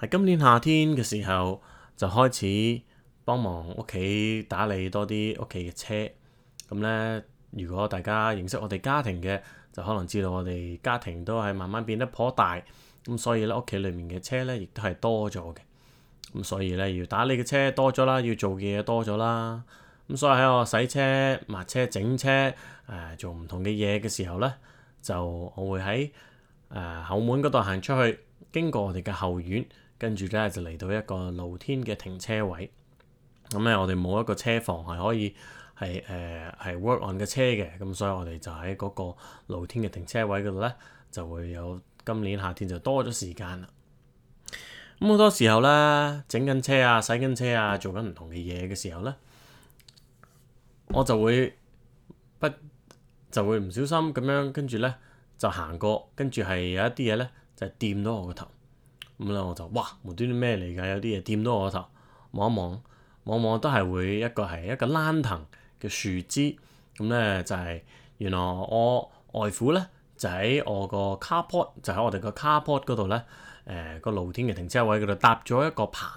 喺今年夏天嘅時候就開始幫忙屋企打理多啲屋企嘅車。咁咧，如果大家認識我哋家庭嘅，就可能知道我哋家庭都係慢慢變得頗大。咁所以咧，屋企裏面嘅車咧，亦都係多咗嘅。咁所以咧，要打理嘅車多咗啦，要做嘅嘢多咗啦。咁所以喺我洗車、抹車、整車，誒、呃、做唔同嘅嘢嘅時候咧，就我會喺誒、呃、後門嗰度行出去，經過我哋嘅後院。跟住咧就嚟到一個露天嘅停車位，咁、嗯、咧我哋冇一個車房係可以係誒係 work on 嘅車嘅，咁所以我哋就喺嗰個露天嘅停車位嗰度咧，就會有今年夏天就多咗時間啦。咁、嗯、好多時候咧，整緊車啊、洗緊車啊、做緊唔同嘅嘢嘅時候咧，我就會不就會唔小心咁樣跟住咧就行過，跟住係有一啲嘢咧就掂到我個頭。咁咧我就哇，無端端咩嚟㗎？有啲嘢掂到我個頭，望一望，望望都係會一個係一個纜藤嘅樹枝。咁咧就係、是、原來我外父咧就喺我個 carport 就喺我哋個 carport 嗰度咧，誒、呃、個露天嘅停車位嗰度搭咗一個棚。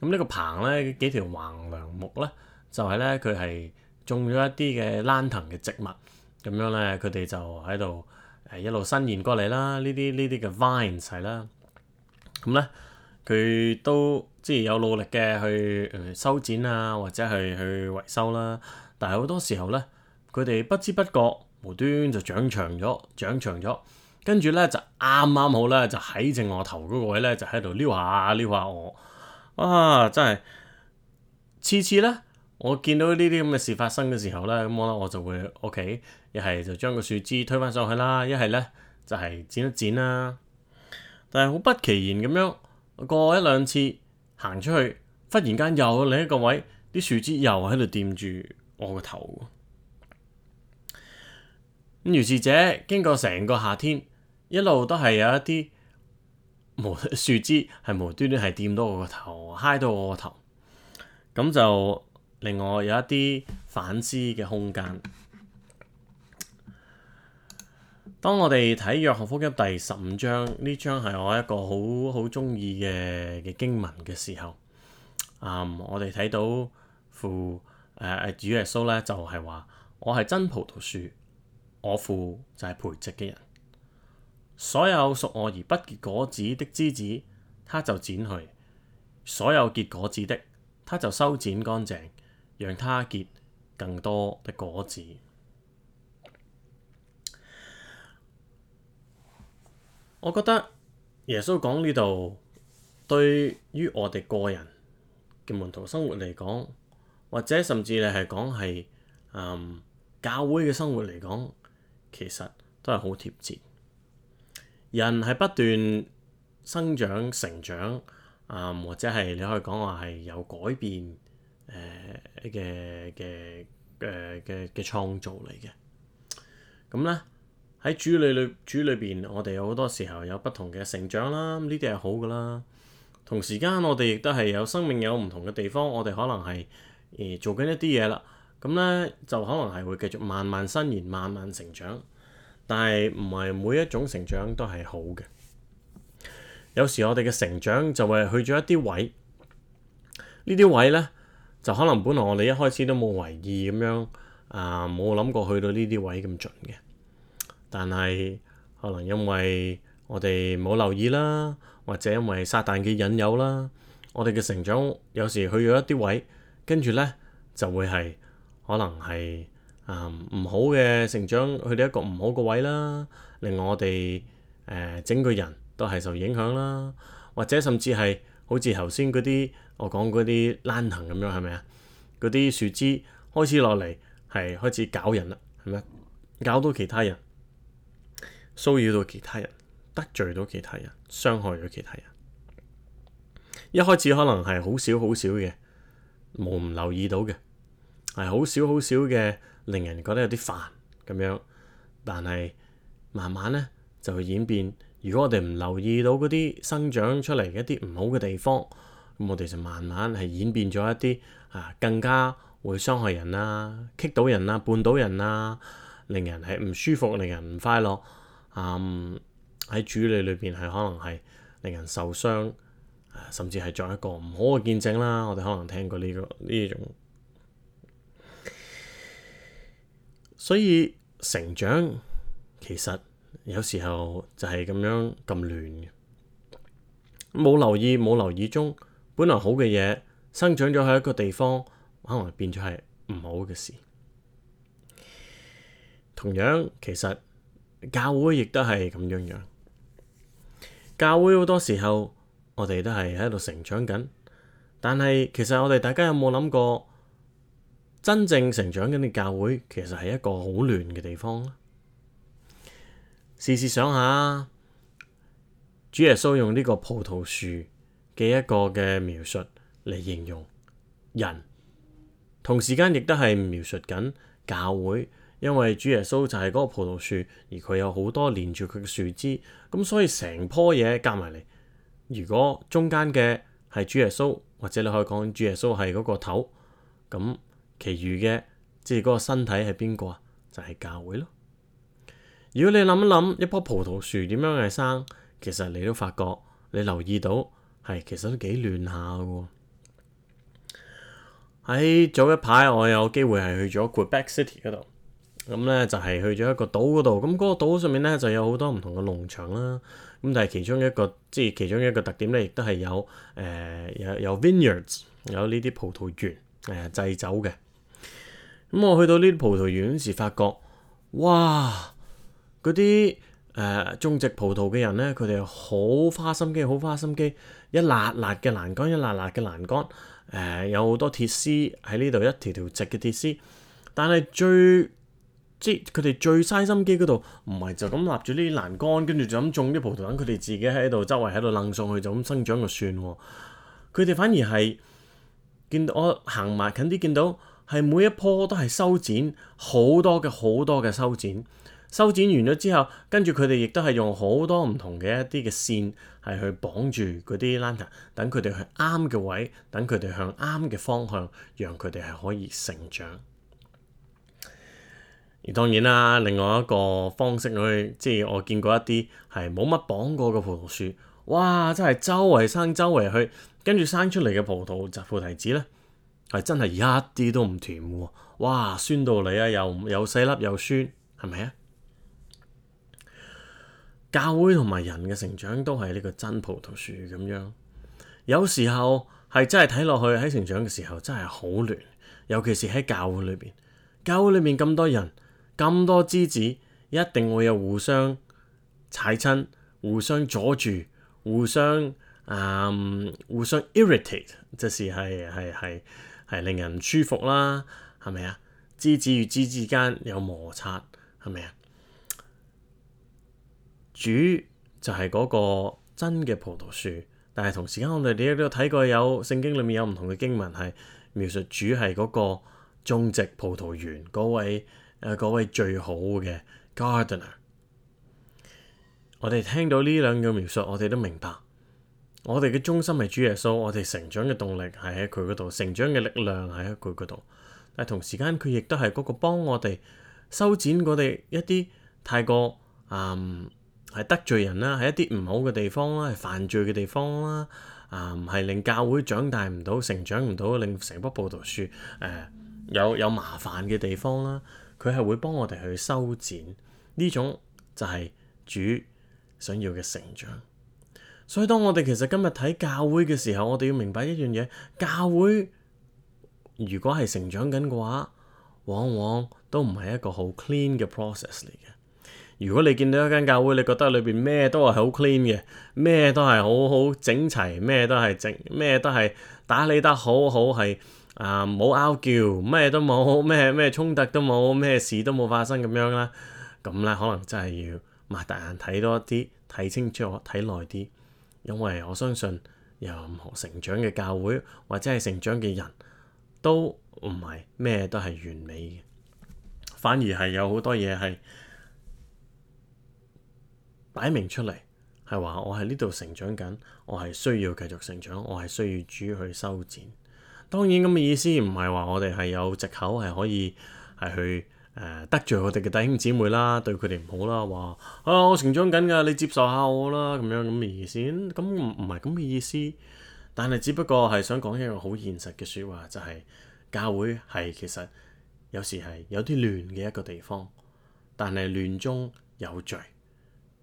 咁呢個棚咧，幾條橫梁木咧就係咧，佢係種咗一啲嘅纜藤嘅植物，咁樣咧佢哋就喺度誒一路伸延過嚟啦。Ines, 呢啲呢啲嘅 vines 係啦。咁咧，佢都即係有努力嘅去誒修剪啊，或者係去維修啦。但係好多時候咧，佢哋不知不覺無端就長長咗，長長咗，跟住咧就啱啱好咧就喺正我頭嗰個位咧就喺度撩下撩下我，哇、啊！真係次次咧，我見到呢啲咁嘅事發生嘅時候咧，咁我咧我就會屋企，一係就將個樹枝推返上去啦，一係咧就係剪一剪啦。但係好不其然咁樣過一兩次行出去，忽然間又另一個位啲樹枝又喺度掂住我個頭。如是者經過成個夏天，一路都係有一啲無樹枝係無端端係掂到我個頭，揩到我個頭，咁就令我有一啲反思嘅空間。當我哋睇《約翰福音》第十五章，呢章係我一個好好鍾意嘅嘅經文嘅時候，啊、嗯，我哋睇到父誒、呃、主耶穌咧就係、是、話：我係真葡萄樹，我父就係培植嘅人。所有屬我而不結果子的枝子，他就剪去；所有結果子的，他就修剪乾淨，讓他結更多的果子。我覺得耶穌講呢度對於我哋個人嘅門徒生活嚟講，或者甚至你係講係嗯教會嘅生活嚟講，其實都係好貼切。人係不斷生長、成長，嗯或者係你可以講話係有改變誒嘅嘅嘅嘅嘅創造嚟嘅，咁咧。喺主裏裏，主裏邊，我哋好多時候有不同嘅成長啦，呢啲係好㗎啦。同時間，我哋亦都係有生命有唔同嘅地方，我哋可能係而、呃、做緊一啲嘢啦。咁咧就可能係會繼續慢慢伸延、慢慢成長，但係唔係每一種成長都係好嘅。有時我哋嘅成長就係去咗一啲位，這些位呢啲位咧就可能本來我哋一開始都冇為意咁樣啊，冇、呃、諗過去到呢啲位咁盡嘅。但係可能因為我哋冇留意啦，或者因為撒旦嘅引誘啦，我哋嘅成長有時去咗一啲位，跟住咧就會係可能係啊唔好嘅成長，去到一個唔好個位啦。令我哋誒、呃、整個人都係受影響啦，或者甚至係好似頭先嗰啲我講嗰啲攣藤咁樣，係咪啊？嗰啲樹枝開始落嚟係開始搞人啦，係咪？搞到其他人。騷擾到其他人，得罪到其他人，傷害咗其他人。一開始可能係好少好少嘅，冇唔留意到嘅，係好少好少嘅，令人覺得有啲煩咁樣。但係慢慢咧就會演變。如果我哋唔留意到嗰啲生長出嚟嘅一啲唔好嘅地方，咁我哋就慢慢係演變咗一啲啊，更加會傷害人啦、啊，棘到人啊、絆到人啊，令人係唔舒服，令人唔快樂。嗯，喺、um, 主理裏邊係可能係令人受傷，甚至係作一個唔好嘅見證啦。我哋可能聽過呢、這個呢種，所以成長其實有時候就係咁樣咁亂，冇留意冇留意中，本來好嘅嘢生長咗喺一個地方，可能變咗係唔好嘅事。同樣，其實。教會亦都係咁樣樣，教會好多時候我哋都係喺度成長緊，但係其實我哋大家有冇諗過，真正成長緊嘅教會其實係一個好亂嘅地方啦。試試想下，主耶穌用呢個葡萄樹嘅一個嘅描述嚟形容人，同時間亦都係描述緊教會。因為主耶穌就係嗰個葡萄樹，而佢有好多連住佢嘅樹枝，咁所以成棵嘢夾埋嚟，如果中間嘅係主耶穌，或者你可以講主耶穌係嗰個頭，咁其餘嘅即係嗰個身體係邊個啊？就係教會咯。如果你諗一諗一棵葡萄樹點樣係生，其實你都發覺你留意到係其實都幾亂下嘅喎。喺早一排，我有機會係去咗 Quebec City 嗰度。咁咧就係去咗一個島嗰度，咁、那、嗰個島上面咧就有好多唔同嘅農場啦。咁但係其中一個，即係其中一個特點咧，亦都係有誒、呃、有有 vineyards，有呢啲葡萄園誒、呃、製酒嘅。咁我去到呢啲葡萄園嗰時，發覺哇，嗰啲誒種植葡萄嘅人咧，佢哋好花心機，好花心機。一辣辣嘅欄杆，一辣辣嘅欄杆，誒、呃、有好多鐵絲喺呢度，一條條直嘅鐵絲。但係最即係佢哋最嘥心機嗰度，唔係就咁立住啲欄杆，跟住就咁種啲葡萄藤等佢哋自己喺度周圍喺度冷上去，就咁生長就算。佢哋反而係見到我行埋近啲，見到係每一棵都係修剪好多嘅好多嘅修剪。修剪，剪完咗之後，跟住佢哋亦都係用好多唔同嘅一啲嘅線係去綁住嗰啲 lanta，等佢哋去啱嘅位，等佢哋向啱嘅方向，讓佢哋係可以成長。而當然啦，另外一個方式去，即係我見過一啲係冇乜綁過嘅葡萄樹，哇！真係周圍生周圍去，跟住生出嚟嘅葡萄、菩、就係、提子咧，係真係一啲都唔甜喎！哇，酸到你啊，又又細粒又酸，係咪啊？教會同埋人嘅成長都係呢個真葡萄樹咁樣，有時候係真係睇落去喺成長嘅時候真係好亂，尤其是喺教會裏邊，教會裏面咁多人。咁多枝子一定會有互相踩親、互相阻住、互相啊、呃、互相 irritate，即是係係係係令人唔舒服啦，係咪啊？枝子與枝之間有摩擦，係咪啊？主就係嗰個真嘅葡萄樹，但係同時間我哋你都有睇過有聖經裏面有唔同嘅經文係描述主係嗰個種植葡萄園嗰位。誒嗰、啊、位最好嘅 Gardener，我哋聽到呢兩樣描述，我哋都明白，我哋嘅中心係主耶穌，我哋成長嘅動力係喺佢嗰度，成長嘅力量係喺佢嗰度。但係同時間，佢亦都係嗰個幫我哋修剪我哋一啲太過啊，係、嗯、得罪人啦，係一啲唔好嘅地方啦，係犯罪嘅地方啦，啊、嗯，唔係令教會長大唔到、成長唔到，令成棵葡萄樹誒、嗯、有有麻煩嘅地方啦。佢係會幫我哋去修剪，呢種就係主想要嘅成長。所以當我哋其實今日睇教會嘅時候，我哋要明白一樣嘢：教會如果係成長緊嘅話，往往都唔係一個好 clean 嘅 process 嚟嘅。如果你見到一間教會，你覺得裏邊咩都係好 clean 嘅，咩都係好好整齊，咩都係整，咩都係打理得好好係。啊！冇拗撬，咩都冇，咩咩衝突都冇，咩事都冇發生咁樣啦。咁咧，可能真係要擘大眼睇多啲，睇清楚，睇耐啲。因為我相信，任何成長嘅教會或者係成長嘅人都唔係咩都係完美嘅，反而係有好多嘢係擺明出嚟，係話我喺呢度成長緊，我係需要繼續成長，我係需要主去修剪。當然咁嘅意思唔係話我哋係有藉口，係可以係去誒、呃、得罪我哋嘅弟兄姊妹啦，對佢哋唔好啦，話啊我成長緊㗎，你接受下我啦，咁樣咁嘅意思咁唔唔係咁嘅意思，但係只不過係想講一個好現實嘅說話，就係、是、教會係其實有時係有啲亂嘅一個地方，但係亂中有序，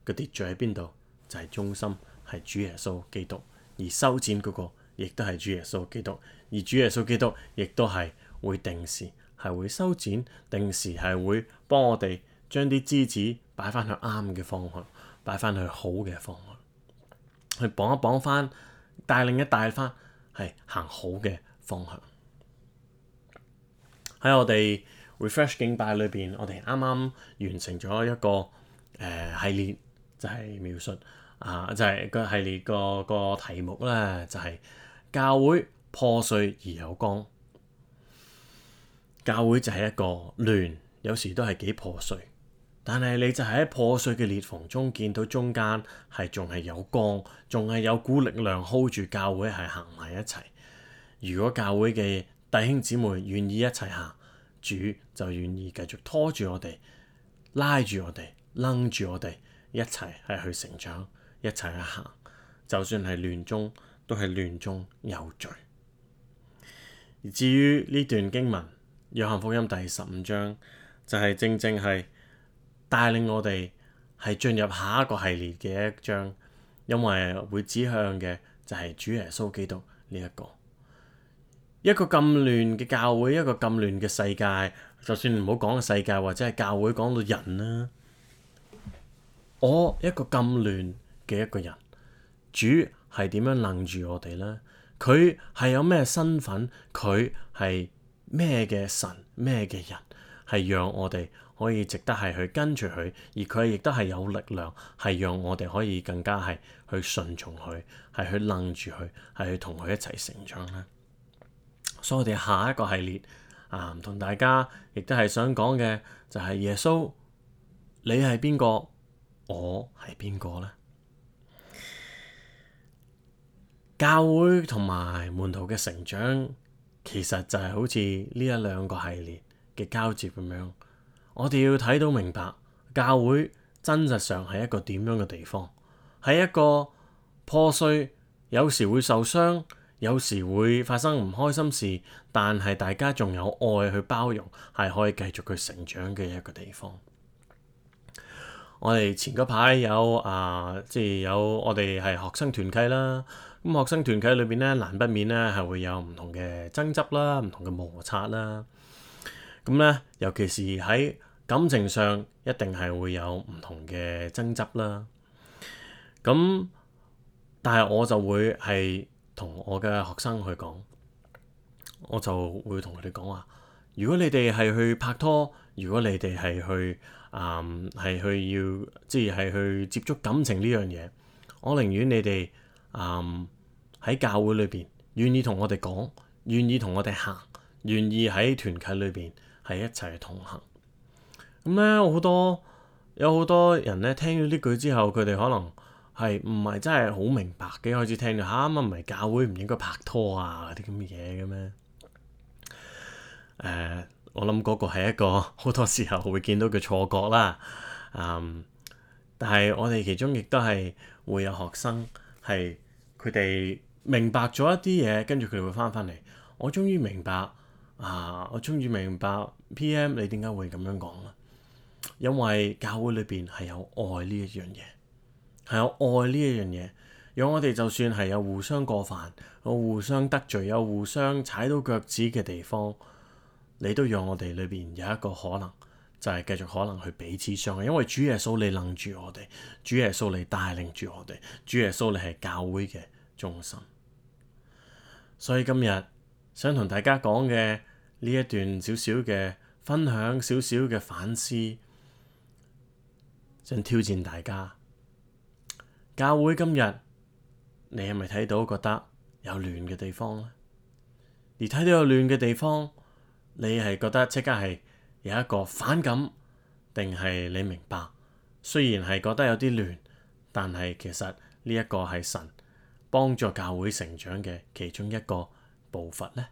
個秩序喺邊度就係、是、中心係主耶穌基督，而修剪嗰個亦都係主耶穌基督。而主耶穌基督亦都係會定時，係會修剪，定時係會幫我哋將啲枝子擺翻去啱嘅方向，擺翻去好嘅方向，去綁一綁翻帶領一帶翻係行好嘅方向。喺我哋 Refresh 敬拜裏邊，我哋啱啱完成咗一個誒、呃、系列，就係、是、描述啊，就係、是、個系列個、這個題目咧，就係、是、教會。破碎而有光，教會就係一個亂，有時都係幾破碎。但係你就係喺破碎嘅裂縫中，見到中間係仲係有光，仲係有股力量 hold 住教會係行埋一齊。如果教會嘅弟兄姊妹願意一齊行，主就願意繼續拖住我哋，拉住我哋，掕住我哋，一齊係去成長，一齊去行。就算係亂中，都係亂中有序。而至於呢段經文《約翰福音》第十五章，就係、是、正正係帶領我哋係進入下一個系列嘅一章，因為會指向嘅就係主耶穌基督呢、這個、一個一個咁亂嘅教會，一個咁亂嘅世界，就算唔好講世界或者係教會，講到人啦，我一個咁亂嘅一個人，主係點樣楞住我哋咧？佢係有咩身份？佢係咩嘅神？咩嘅人？係讓我哋可以值得係去跟住佢，而佢亦都係有力量，係讓我哋可以更加係去順從佢，係去楞住佢，係去同佢一齊成長啦。所以我哋下一個系列啊，同大家亦都係想講嘅就係、是、耶穌，你係邊個？我係邊個咧？教會同埋門徒嘅成長，其實就係好似呢一兩個系列嘅交接咁樣。我哋要睇到明白教會真實上係一個點樣嘅地方，係一個破碎，有時會受傷，有時會發生唔開心事，但係大家仲有愛去包容，係可以繼續去成長嘅一個地方。我哋前嗰排有啊、呃，即係有我哋係學生團契啦。咁學生團體裏邊咧，難不免咧係會有唔同嘅爭執啦，唔同嘅摩擦啦。咁咧，尤其是喺感情上，一定係會有唔同嘅爭執啦。咁，但係我就會係同我嘅學生去講，我就會同佢哋講話：如果你哋係去拍拖，如果你哋係去啊，係，嗯，去要，即係係去接觸感情呢樣嘢，我寧願你哋。嗯，喺、um, 教會裏邊願意同我哋講，願意同我哋行，願意喺團契裏邊係一齊同行。咁咧，好多有好多人咧聽咗呢句之後，佢哋可能係唔係真係好明白嘅開始聽到，嚇、啊，咁啊唔係教會唔應該拍拖啊啲咁嘅嘢嘅咩？誒，uh, 我諗嗰個係一個好多時候會見到嘅錯覺啦。嗯、um，但係我哋其中亦都係會有學生係。佢哋明白咗一啲嘢，跟住佢哋會翻翻嚟。我終於明白啊！我終於明白 P.M. 你點解會咁樣講啦。因為教會裏邊係有愛呢一樣嘢，係有愛呢一樣嘢。讓我哋就算係有互相過犯，有互相得罪，有互相踩到腳趾嘅地方，你都讓我哋裏邊有一個可能，就係繼續可能去彼此相愛。因為主耶穌你攬住我哋，主耶穌你帶領住我哋，主耶穌你係教會嘅中心，所以今日想同大家講嘅呢一段少少嘅分享，少少嘅反思，想挑戰大家教會今。今日你係咪睇到覺得有亂嘅地方呢？而睇到有亂嘅地方，你係覺得即刻係有一個反感，定係你明白？雖然係覺得有啲亂，但係其實呢一個係神。幫助教會成長嘅其中一個步伐呢。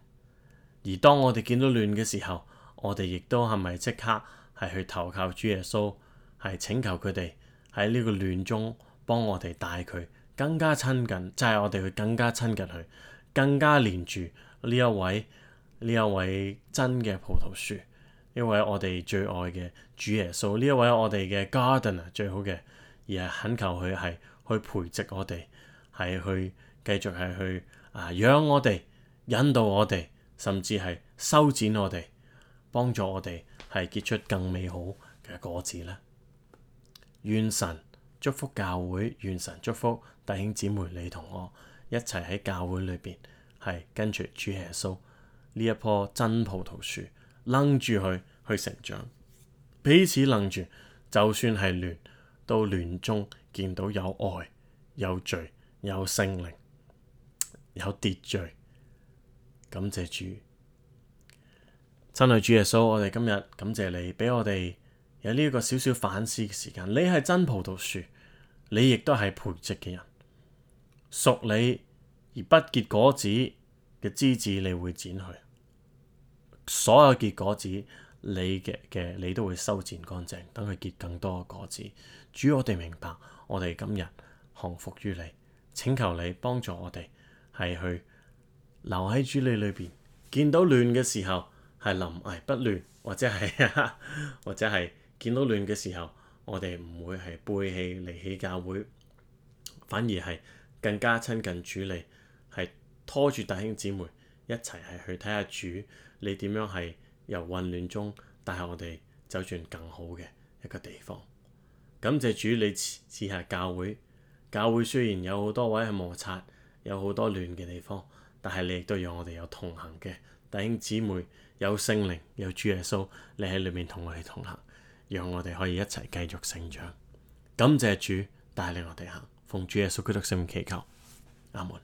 而當我哋見到亂嘅時候，我哋亦都係咪即刻係去投靠主耶穌，係請求佢哋喺呢個亂中幫我哋帶佢更加親近，就係我哋去更加親近佢，更加連住呢一位呢一位真嘅葡萄樹，呢位我哋最愛嘅主耶穌，呢一位我哋嘅 Gardener 最好嘅，而係懇求佢係去培植我哋。係去繼續係去啊，養我哋，引導我哋，甚至係修剪我哋，幫助我哋係結出更美好嘅果子咧。願神祝福教會，願神祝福弟兄姊妹你，你同我一齊喺教會裏邊係跟住主耶穌呢一棵真葡萄樹，楞住佢去成長，彼此楞住，就算係亂，都亂中見到有愛有罪。有聖靈，有秩序。感謝主，親愛主耶穌。我哋今日感謝你，俾我哋有呢個少少反思嘅時間。你係真葡萄樹，你亦都係培植嘅人，屬你而不結果子嘅枝子，你會剪去；所有結果子，你嘅嘅你都會修剪乾淨，等佢結更多嘅果子。主，我哋明白，我哋今日降服於你。請求你幫助我哋，係去留喺主裏裏邊，見到亂嘅時候係臨危不亂，或者係， 或者係見到亂嘅時候，我哋唔會係背棄離棄教會，反而係更加親近主裏，係拖住弟兄姊妹一齊係去睇下主，你點樣係由混亂中帶我哋走進更好嘅一個地方。感謝主你，你賜賜下教會。教會雖然有好多位係摩擦，有好多亂嘅地方，但係你亦都讓我哋有同行嘅弟兄姊妹，有聖靈，有主耶穌，你喺裏面同我哋同行，讓我哋可以一齊繼續成長。感謝主帶領我哋行，奉主耶穌基督聖名祈求，阿門。